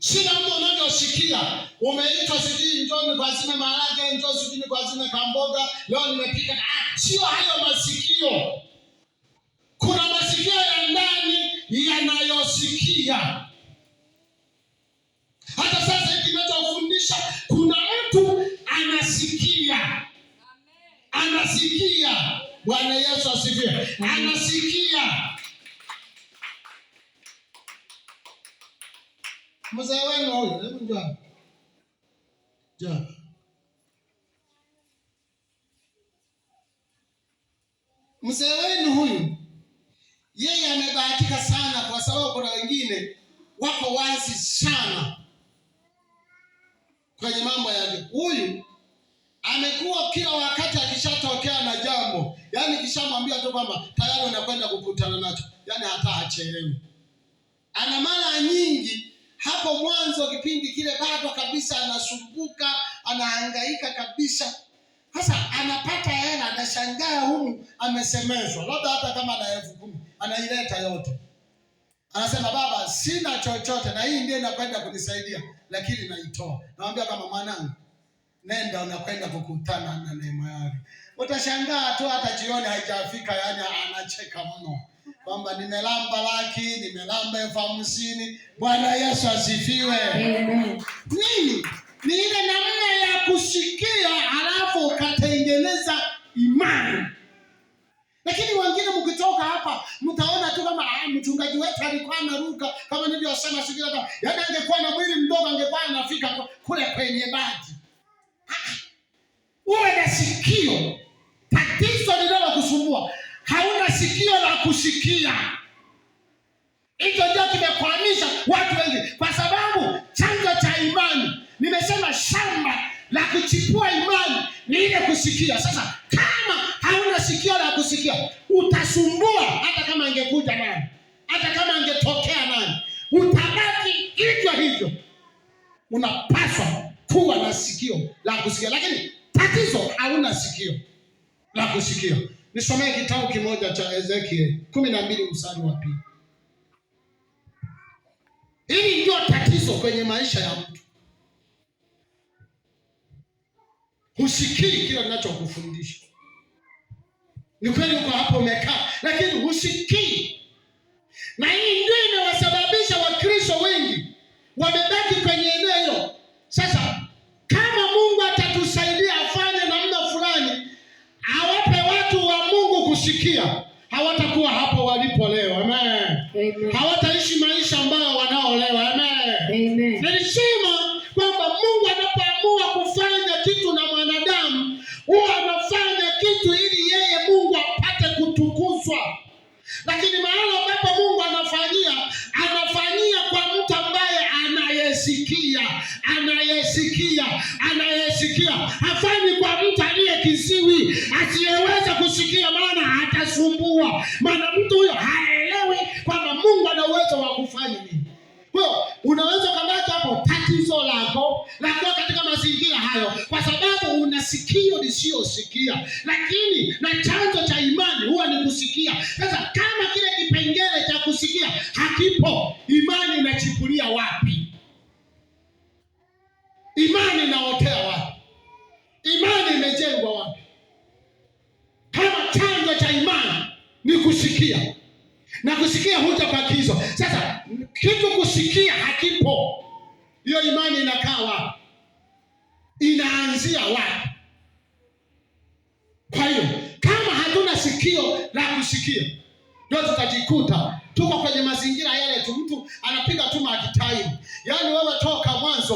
Shida mtu unavyosikia umeitwa sijui njoni kwazime maharage, njoo sijui kwazime kamboga, leo nimepika. Ah, sio hayo masikio. Kuna masikio ya ndani yanayosikia. Hata sasa hivi ninachofundisha, kuna mtu anasikia, anasikia. Bwana Yesu asifiwe, anasikia Mzee wenu huyo, hebu njoo. Njoo. Mzee wenu huyu yeye amebahatika sana, kwa sababu kuna wengine wako wazi sana kwenye mambo yake. Huyu amekuwa kila wakati akishatokea na jambo, yaani kishamwambia tu kwamba tayari unakwenda kukutana nacho, yaani hata hachelewi, ana maana mwanzo wa kipindi kile bado kabisa anasumbuka, anahangaika kabisa. Sasa anapata hela, anashangaa humu amesemezwa, labda hata kama na elfu kumi anaileta yote, anasema baba, sina chochote na hii ndio inakwenda kunisaidia, lakini naitoa. Namwambia kama mwanangu, nenda, unakwenda kukutana na neema yake. Utashangaa tu hata jioni haijafika, yani anacheka mno kwamba nimelamba laki, nimelamba elfu hamsini. Bwana Yesu asifiwe. Nini? Ni ile namna ya kushikia, halafu ukatengeneza imani. Lakini wengine mkitoka hapa mtaona tu kama ah, mchungaji wetu alikuwa anaruka kama nilivyosema siku ile, yaani angekuwa na mwili mdogo angekuwa anafika kule kwenye maji. Ah, uwe na sikio. Tatizo linalokusumbua. Hauna sikio la kusikia. Hicho ndio kimekwamisha watu wengi, kwa sababu chanzo cha imani, nimesema shamba la kuchipua imani ni ile kusikia. Sasa kama hauna sikio la kusikia, utasumbua. Hata kama angekuja nani, hata kama angetokea nani, utabaki hivyo hivyo. Unapaswa kuwa na sikio la kusikia, lakini tatizo, hauna sikio la kusikia. Nisomee kitabu kimoja cha Ezekiel kumi na mbili mstari wa pili. Hili ndio tatizo kwenye maisha ya mtu, husikii kile ninachokufundisha. Ni kweli uko hapo umekaa, lakini husikii, na hii ndio imewasababisha Wakristo wengi wamebaki kwenye eneo hilo sasa kusikia hawatakuwa hapo walipo leo. Amen. Amen. Hawataishi maisha ambayo anayesikia, anayesikia, anayesikia. Hafanyi kwa mtu aliye kisiwi asiyeweza kusikia, maana atasumbua. Maana mtu huyo haelewi kwamba Mungu ana uwezo wa kufanya nini. Well, unaweza ukamata hapo tatizo lako la katika mazingira hayo, kwa sababu una sikio lisiyosikia, lakini na chanzo cha imani huwa ni kusikia. Sasa kama kile kipengele cha kusikia hakipo, imani inachipulia wapi? inaotea wapi? Imani imejengwa wapi? Kama chanzo cha imani ni kusikia na kusikia hujabakizwa. Sasa kitu kusikia hakipo, hiyo imani inakaa wapi? Inaanzia wapi? Kwa hiyo kama hatuna sikio la kusikia, ndio tutajikuta tuko kwenye mazingira yale tu, mtu anapiga tu makitairi, yaani wewe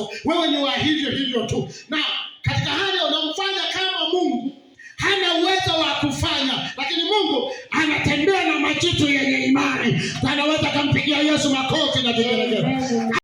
wako, wewe ni wa hivyo hivyo tu, na katika hali unamfanya kama Mungu hana uwezo wa kufanya, lakini Mungu anatembea na majitu yenye imani, anaweza akampigia Yesu makofi na vigelegele.